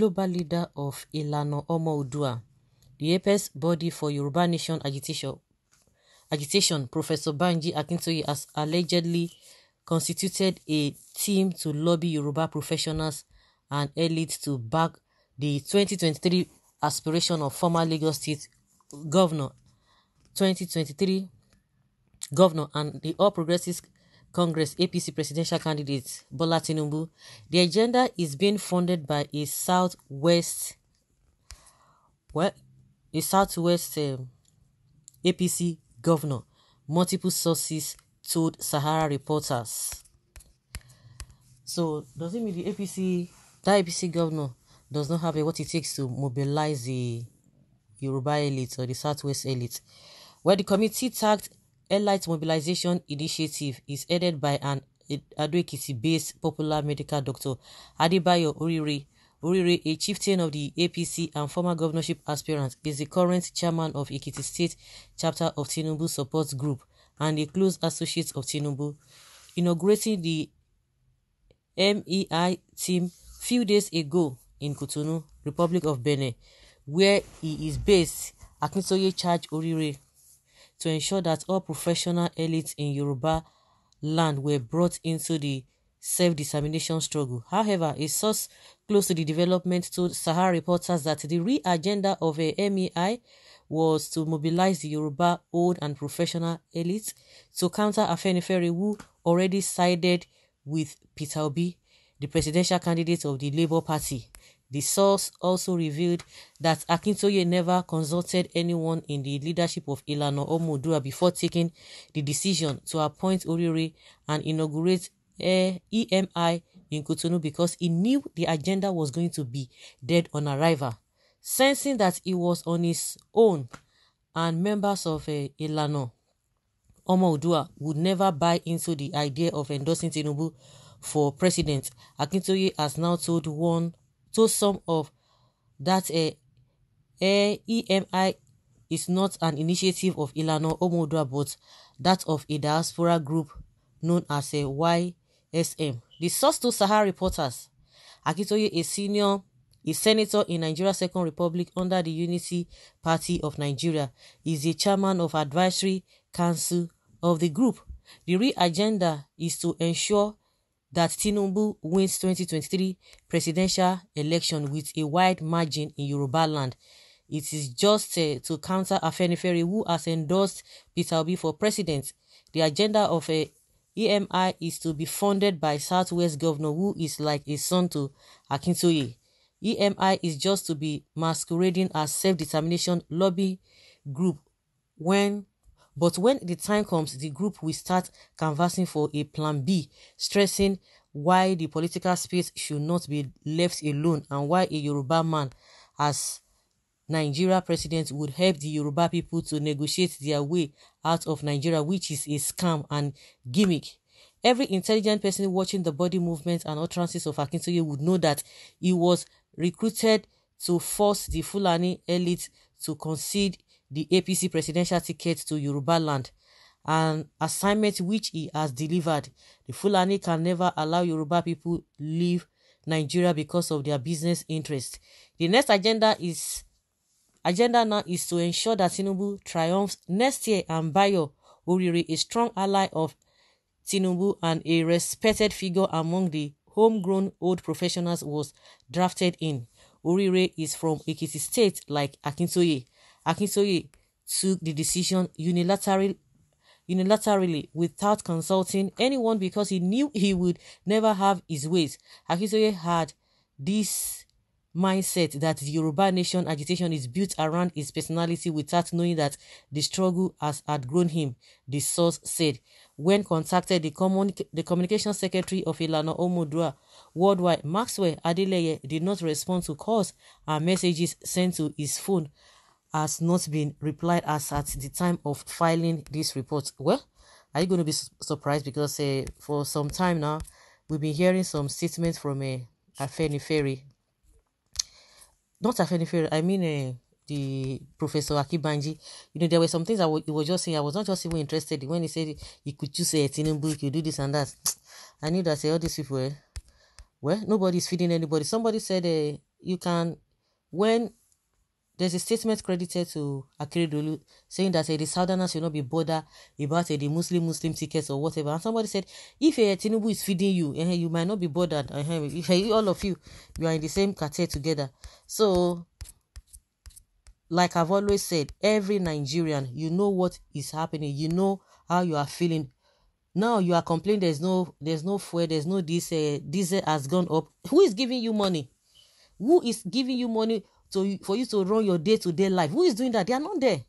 global leader of Ìlànà Ọmọ Oòduà, the apex body for Yoruba Nation agitation, agitation Professor Banji Akintoye has allegedly constituted a team to lobby Yoruba professionals and elites to back the 2023 aspiration of former Lagos State Governor 2023 Governor and the All Progressives Congress APC presidential candidate Bola Tinubu, the agenda is being funded by a southwest, well, a southwest um, APC governor. Multiple sources told Sahara reporters. So does it mean the APC, that APC governor, does not have a, what it takes to mobilize the Yoruba elite or the Southwest elite? Well, the committee tagged Elite Mobilization Initiative is headed by an ado based popular medical doctor, Adibayo Orire. Orire, a chieftain of the APC and former governorship aspirant, is the current chairman of Ekiti State chapter of Tinubu Support Group and a close associate of Tinubu. Inaugurating the MEI team few days ago in Cotonou, Republic of Benin, where he is based, Akintoye charged Orire to ensure that all professional elites in Yoruba land were brought into the self-determination struggle. However, a source close to the development told Sahara reporters that the real agenda of a MEI was to mobilize the Yoruba old and professional elites to counter Afenifere who already sided with Peter Obi, the presidential candidate of the Labour Party. The source also revealed that Akintoye never consulted anyone in the leadership of Ilana Omodura before taking the decision to appoint Orire and inaugurate EMI eh, e in Cotonou because he knew the agenda was going to be dead on arrival. Sensing that he was on his own and members of uh, eh, Ilana Omodura would never buy into the idea of endorsing Tinubu for president, Akintoye has now told one So some of that uh, uh, eh, EMI eh, e is not an initiative of Ilana Omodua but that of a diaspora group known as a eh, YSM. The source to Sahara reporters, Akitoye, a senior a senator in Nigeria's Second Republic under the Unity Party of Nigeria, is the chairman of advisory council of the group. The real agenda is to ensure that Tinubu wins 2023 presidential election with a wide margin in Yoruba land. It is just uh, to counter Afenifere, who has endorsed Peter Obi for president. The agenda of a eh, EMI is to be funded by Southwest governor, who is like a son to Akintoye. EMI is just to be masquerading as self-determination lobby group when But when the time comes, the group will start canvassing for a plan B, stressing why the political space should not be left alone and why a Yoruba man as Nigeria president would help the Yoruba people to negotiate their way out of Nigeria, which is a scam and gimmick. Every intelligent person watching the body movements and utterances of Akintoye would know that he was recruited to force the Fulani elite to concede the APC presidential ticket to Yoruba land, an assignment which he has delivered. The Fulani can never allow Yoruba people leave Nigeria because of their business interests. The next agenda is agenda now is to ensure that Tinubu triumphs next year and Bayo Oriri, a strong ally of Tinubu and a respected figure among the homegrown old professionals was drafted in. Orire is from Ekiti State like Akintoye. Akintoye took the decision unilaterally unilaterally without consulting anyone because he knew he would never have his ways. Akintoye had this mindset that the Yoruba nation agitation is built around his personality without knowing that the struggle has had grown him, the source said. When contacted, the, communi- the communication secretary of Ilana Omodua worldwide, Maxwell Adeleye, did not respond to calls and messages sent to his phone has not been replied as at the time of filing this report. Well, are you going to be surprised? Because uh, for some time now, we've been hearing some statements from a uh, eh, Afeni Ferry. Not Afeni Ferry, I mean uh, the Professor Akibanji. You know, there were some things I was just saying. I was not just even interested when he said he could choose a Tinubu, he could do this and that. I knew that all these people, well, nobody's feeding anybody. Somebody said uh, you can, when there's a statement credited to Akeredolu saying that eh, the Southerners should not be bothered about hey, eh, the Muslim Muslim tickets or whatever. And somebody said, if a eh, Tinubu is feeding you, you might not be bothered. Hey, all of you, you are in the same cartel together. So, like I've always said, every Nigerian, you know what is happening. You know how you are feeling. Now you are complaining there's no there's no fuel, there's no Uh, diesel has gone up. Who is giving you money? Who is giving you money? to for you to run your day to day life who is doing that they are not there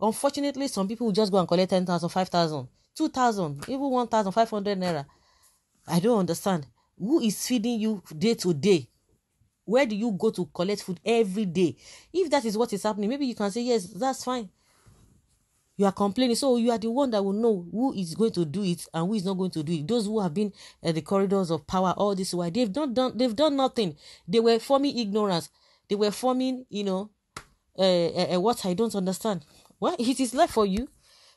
unfortunately some people just go and collect ten thousand five thousand two thousand even one thousand five hundred naira i don't understand who is feeding you day to day where do you go to collect food every day if that is what is happening maybe you can say yes that's fine you are complaining so you are the one that will know who is going to do it and who is not going to do it those who have been at eh, the corridors of power all this while they've not done they've done nothing they were forming ignorance They were forming, you know, uh, uh, what I don't understand. What it is left for you.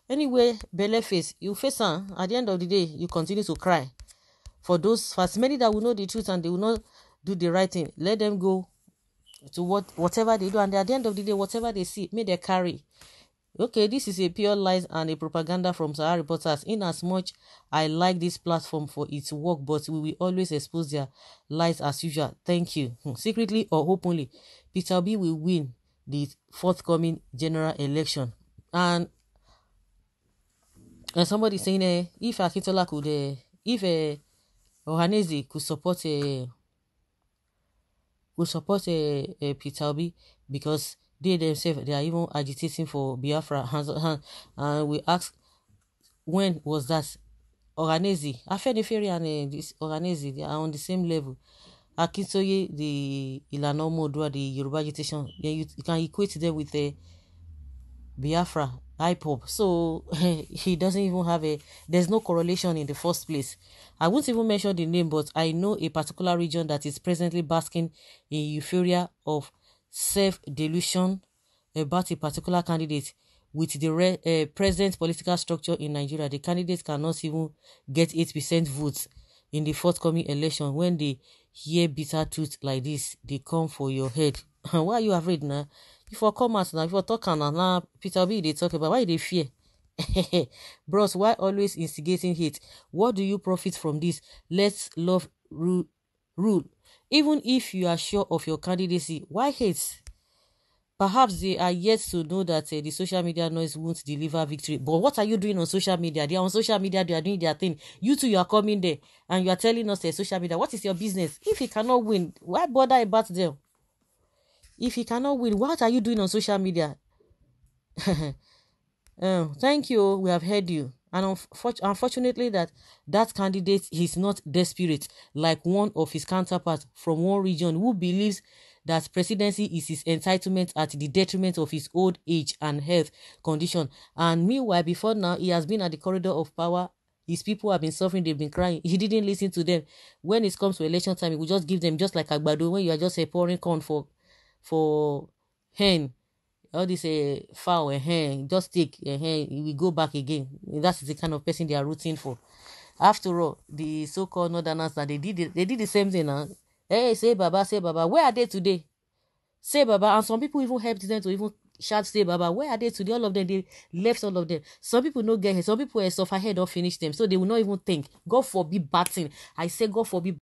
Anyway, belle face, you face her. At the end of the day, you continue to cry. For those first many that will know the truth and they will not do the right thing, let them go to what whatever they do. And at the end of the day, whatever they see, may they carry. Okay, this is a pure lies and a propaganda from Sahara reporters. In as much I like this platform for its work, but we will always expose their lies as usual. Thank you. Hmm. Secretly or openly, Peter Obi will win the forthcoming general election. And and somebody saying uh, if Akintola could uh, if uh, Ohaneze could support uh, could support uh, uh, Peter Obi because They themselves, they are even agitating for Biafra. Hands, on and we ask, when was that? Oranezi, Afeniferi and uh, this Oranezi, they are on the same level. Akintoye, the Ilanomo, Omodua, the Yoruba agitation, yeah, you, you, can equate them with the eh, Biafra, IPOP. So he doesn't even have a, there's no correlation in the first place. I won't even mention the name, but I know a particular region that is presently basking in euphoria of self-delusion about a particular candidate. With the re- uh, present political structure in Nigeria, the candidate cannot even get 8% votes in the forthcoming election. When they hear bitter truth like this, they come for your head. why are you afraid now? If you come out now, if you talk now, Peter B, they talk about why they fear. Bros, why always instigating hate? What do you profit from this? Let's love rule, rule Even if you are sure of your candidacy, why hate? Perhaps they are yet to know that uh, the social media noise won't deliver victory. But what are you doing on social media? They are on social media, they are doing their thing. You too, you are coming there and you are telling us uh, social media, what is your business? If you cannot win, why bother about them? If you cannot win, what are you doing on social media? um, thank you. We have heard you and unf- unfortunately that that candidate is not desperate like one of his counterparts from one region who believes that presidency is his entitlement at the detriment of his old age and health condition and meanwhile before now he has been at the corridor of power his people have been suffering they've been crying he didn't listen to them when it comes to election time he will just give them just like agbado when you are just a pouring corn for for hen all this uh, eh, fowl uh, just take uh, we go back again That is the kind of person they are rooting for after all the so-called northerners they did the, they did the same thing now hey say baba say baba where are they today say baba and some people even helped them to even shout say baba where are they today all of them they left all of them some people no get here some people uh, suffer head don finish them so they will not even think god forbid bad thing i say god forbid